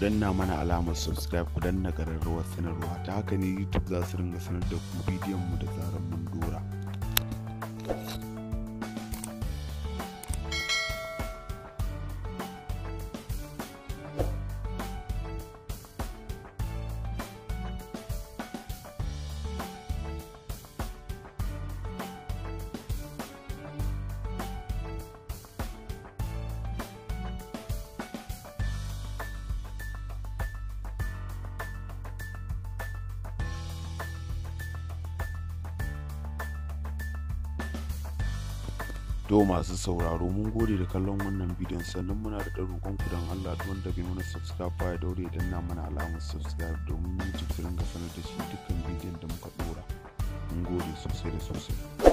danna mana alamar subscribe ku danna ƙararrawar sanarwa ta haka ne youtube za su ringa sanar da ku bidiyon mu da zarar mun dora To masu sauraro mun gode da kallon wannan bidiyon sannan muna da roƙon ku don Allah da wanda bai mana subscribe ya daure ya na mana alamar subscribe domin YouTube su ringa sanar da shi dukkan bidiyon da muka dora. Mun gode sosai da sosai.